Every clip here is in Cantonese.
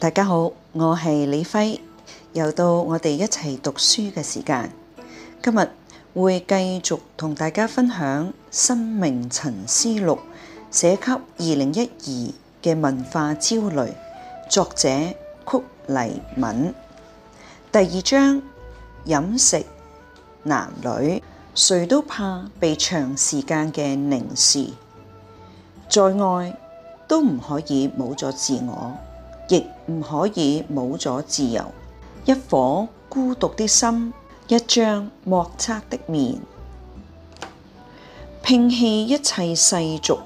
大家好，我係李輝，又到我哋一齊讀書嘅時間。今日會繼續同大家分享《生命沉思錄》寫給二零一二嘅文化焦慮，作者曲黎敏。第二章飲食男女，誰都怕被長時間嘅凝視，在外都唔可以冇咗自我，亦。唔可以冇咗自由，一顆孤獨的心，一張莫測的面，摒棄一切世俗，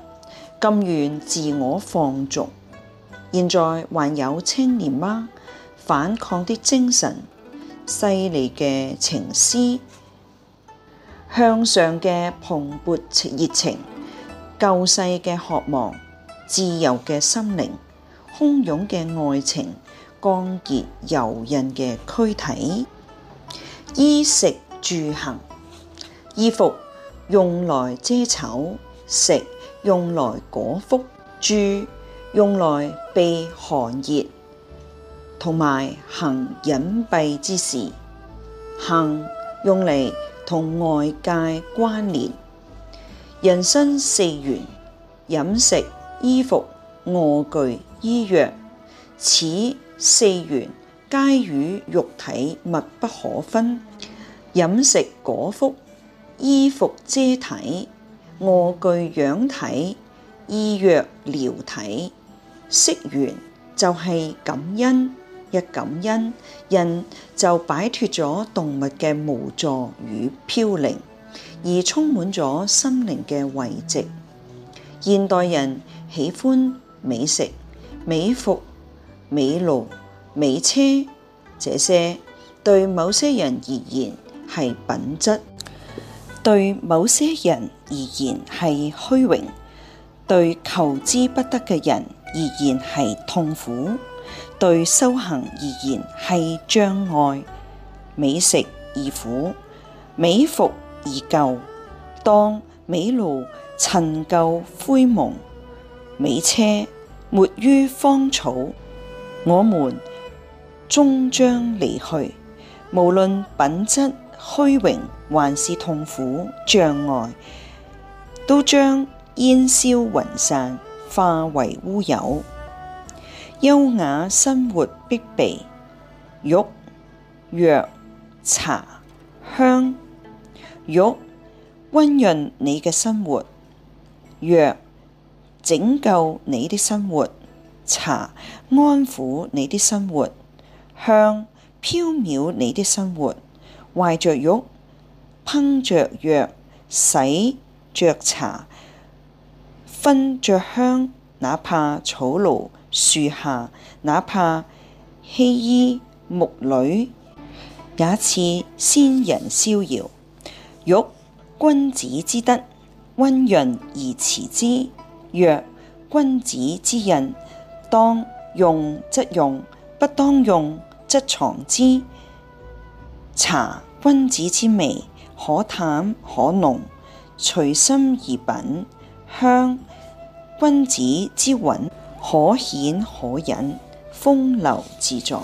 甘願自我放逐。現在還有青年嗎？反抗的精神，細膩嘅情思，向上嘅蓬勃熱情，救世嘅渴望，自由嘅心靈。洶湧嘅愛情，光潔柔韌嘅軀體，衣食住行，衣服用來遮醜，食用來果腹，住用來避寒熱，同埋行隱蔽之事，行用嚟同外界關聯。人生四源：飲食、衣服、臥具、醫藥，此四緣皆與肉體密不可分。飲食果腹，衣服遮體，臥具養體，醫藥療體。惜緣就係感恩，一感恩人就擺脫咗動物嘅無助與飄零，而充滿咗心靈嘅慰藉。現代人喜歡美食。美服、美路、美車，這些對某些人而言係品質，對某些人而言係虛榮，對求之不得嘅人而言係痛苦，對修行而言係障礙。美食而苦，美服而舊，當美路陳舊灰蒙，美車。沒於芳草，我們終將離去。無論品質虛榮，還是痛苦障礙，都將煙消雲散，化為烏有。優雅生活必備，玉、藥、茶、香、玉，溫潤你嘅生活，藥。拯救你的生活，茶安撫你的生活，香飄渺你的生活，懷着玉烹着藥，洗着茶，熏着香。哪怕草廬樹下，哪怕稀衣木履，也似仙人逍遙。玉君子之德，温潤而慈之。若君子之印，當用則用，不當用則藏之。茶，君子之味，可淡可濃，隨心而品。香，君子之韻，可顯可隱，風流自在。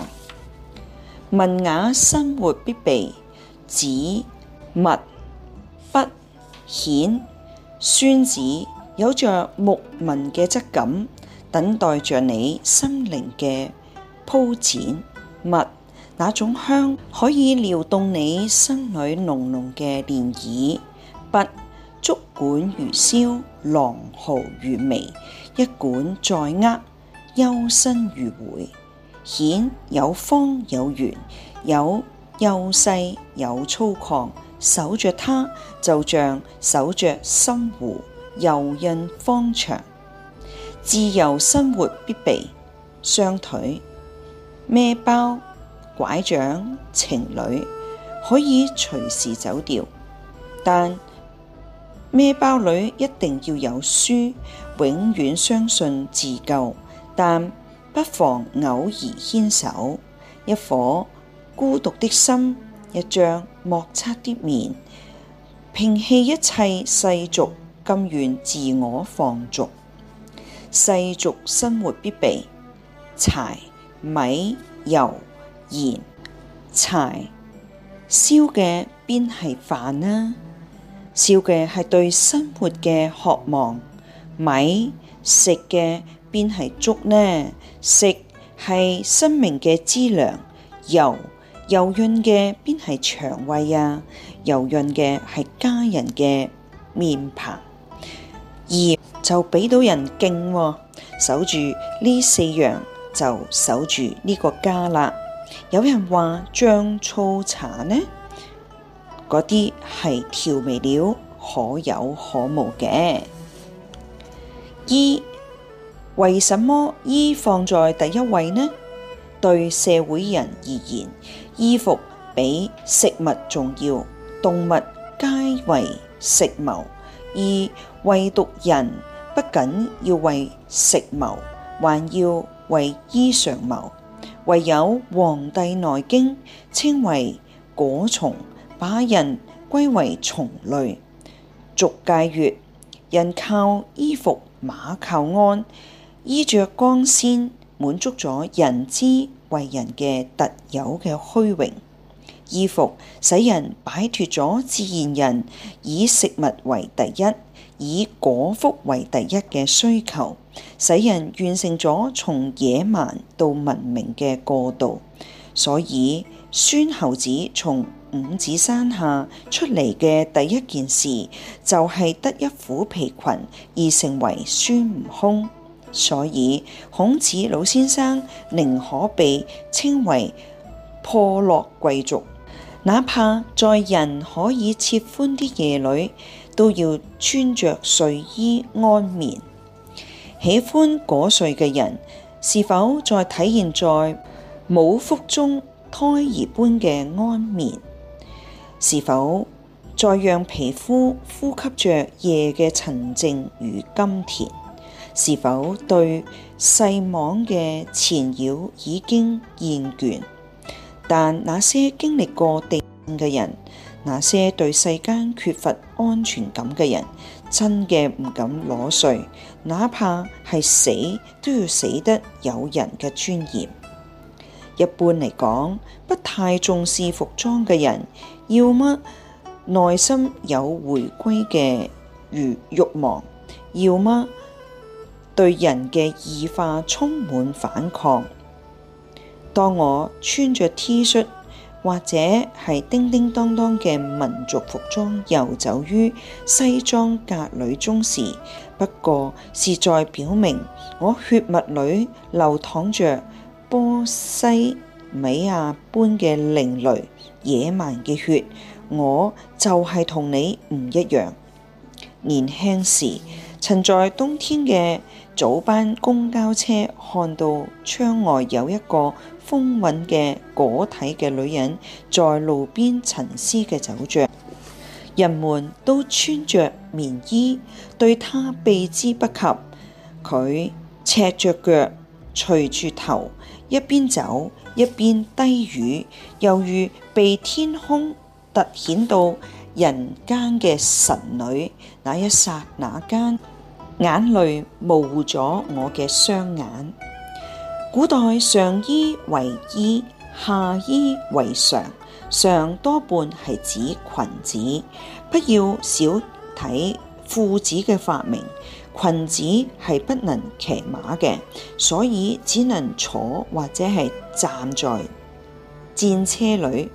文雅生活必備：紙、墨、筆、硯、宣紙。有着木紋嘅質感，等待着你心靈嘅鋪展。墨。那種香可以撩動你心裏濃濃嘅漣漪。筆，竹管如簫，狼毫如眉，一管在握，幽深如回。顯有方有圓，有幼細有粗獷，守着它，就像守着心湖。柔韌方長，自由生活必備。雙腿孭包、拐杖情侶可以隨時走掉，但孭包裏一定要有書。永遠相信自救，但不妨偶爾牽手。一顆孤獨的心，一張莫測的面，摒棄一切世俗。甘願自我放逐，世俗生活必備柴米油鹽。柴燒嘅邊係飯啊？燒嘅係對生活嘅渴望。米食嘅邊係粥呢？食係生命嘅資糧。油油潤嘅邊係腸胃啊？油潤嘅係家人嘅面龐。衣就俾到人敬。哦，守住呢四樣就守住呢個家啦。有人話醬醋茶呢，嗰啲係調味料，可有可無嘅。衣為什麼衣放在第一位呢？對社會人而言，衣服比食物重要。動物皆為食謀，衣。唯獨人不僅要為食謀，還要為衣裳謀。唯有《黃帝內經》稱為果蟲，把人歸為蟲類。俗界曰人靠衣服馬靠鞍，衣着光鮮，滿足咗人之為人嘅特有嘅虛榮。衣服使人擺脱咗自然人以食物為第一。以果腹為第一嘅需求，使人完成咗從野蠻到文明嘅過渡。所以孫猴子從五指山下出嚟嘅第一件事，就係得一虎皮裙而成為孫悟空。所以孔子老先生寧可被稱為破落貴族，哪怕在人可以設歡啲夜裏。都要穿着睡衣安眠，喜歡果睡嘅人是否再體現在母腹中胎兒般嘅安眠？是否再讓皮膚呼吸着夜嘅沉靜與甘甜？是否對細網嘅纏繞已經厭倦？但那些經歷過地震嘅人。那些對世間缺乏安全感嘅人，真嘅唔敢裸睡，哪怕係死都要死得有人嘅尊嚴。一般嚟講，不太重視服裝嘅人，要麼內心有回歸嘅如慾望，要麼對人嘅異化充滿反抗。當我穿着 T 恤，或者係叮叮當當嘅民族服裝遊走於西裝革履中時，不過是在表明我血脈裏流淌着波西米亞般嘅另類野蠻嘅血，我就係同你唔一樣。年輕時，曾在冬天嘅早班公交車看到窗外有一個。風韻嘅果體嘅女人，在路邊沉思嘅走着，人們都穿着棉衣，對她避之不及。佢赤着腳，垂住頭，一邊走一邊低語，猶如被天空突顯到人間嘅神女。那一剎那間，眼淚模糊咗我嘅雙眼。古代上衣為衣，下衣為裳。裳多半係指裙子，不要小睇褲子嘅發明。裙子係不能騎馬嘅，所以只能坐或者係站在戰車裏，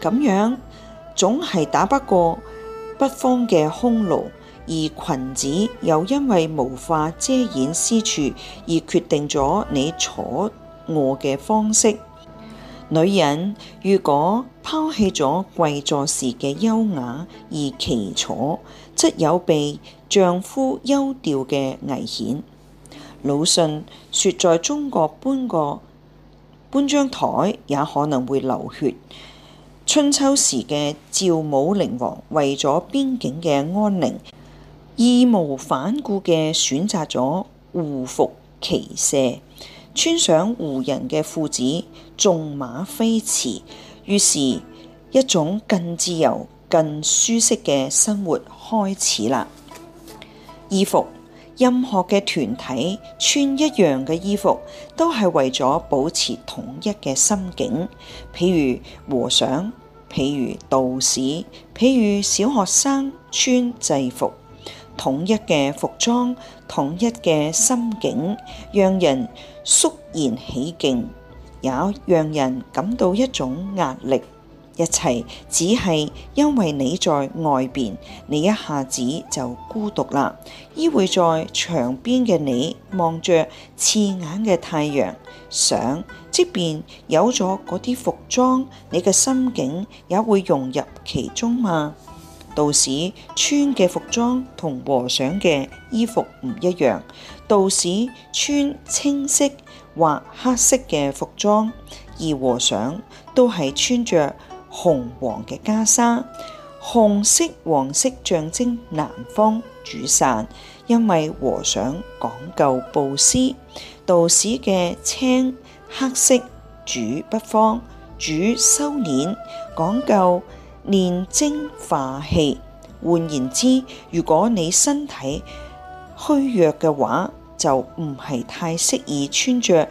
咁樣總係打不過北方嘅匈奴。而裙子又因為無法遮掩私處，而決定咗你坐卧嘅方式。女人如果拋棄咗跪坐時嘅優雅而箕坐，則有被丈夫休掉嘅危險。魯迅說：在中國搬個搬張枱也可能會流血。春秋時嘅趙武靈王為咗邊境嘅安寧，義無反顧嘅選擇咗胡服騎射，穿上胡人嘅褲子，縱馬飛馳。於是，一種更自由、更舒適嘅生活開始啦。衣服，任何嘅團體穿一樣嘅衣服，都係為咗保持統一嘅心境。譬如和尚，譬如道士，譬如小學生穿製服。統一嘅服裝，統一嘅心境，讓人肅然起敬，也讓人感到一種壓力。一切只係因為你在外邊，你一下子就孤獨啦。依偎在牆邊嘅你，望著刺眼嘅太陽，想即便有咗嗰啲服裝，你嘅心境也會融入其中嗎？道士穿嘅服裝同和尚嘅衣服唔一樣，道士穿青色或黑色嘅服裝，而和尚都係穿着紅黃嘅袈裟。紅色黃色象徵南方主散，因為和尚講究布施；道士嘅青黑色主北方，主修煉，講究。煉精化氣，換言之，如果你身體虛弱嘅話，就唔係太適宜穿着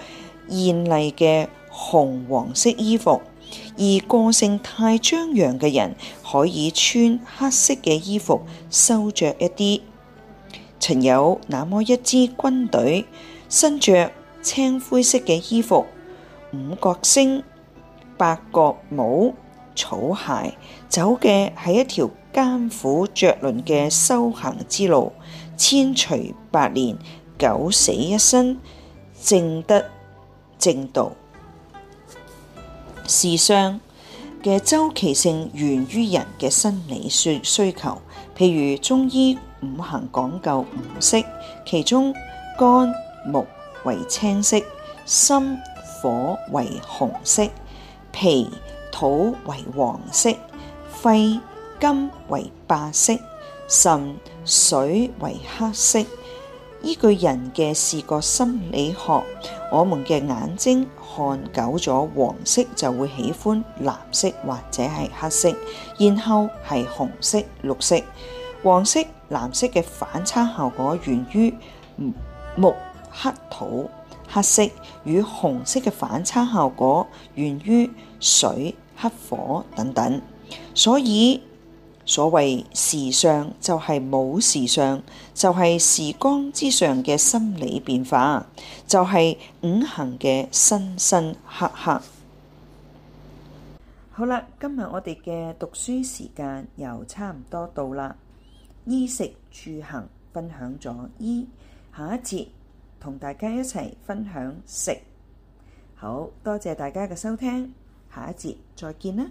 艷麗嘅紅黃色衣服；而個性太張揚嘅人，可以穿黑色嘅衣服，收着一啲。曾有那麼一支軍隊，身着青灰色嘅衣服，五角星，八角帽。草鞋走嘅係一條艱苦卓絕嘅修行之路，千錘百煉，九死一生，正得正道。時尚嘅周期性源於人嘅生理需求，譬如中醫五行講究五色，其中肝木為青色，心火為紅色，脾。土為黃色，肺金為白色，腎水為黑色。依據人嘅視覺心理學，我們嘅眼睛看久咗黃色就會喜歡藍色或者係黑色，然後係紅色、綠色。黃色、藍色嘅反差效果源於木、黑土、黑色，與紅色嘅反差效果源於水。黑火等等，所以所謂時尚就係冇時尚，就係、是、時光之上嘅心理變化，就係、是、五行嘅生生克克。好啦，今日我哋嘅讀書時間又差唔多到啦，衣食住行分享咗衣，下一節同大家一齊分享食，好多謝大家嘅收聽。下一節再見啦！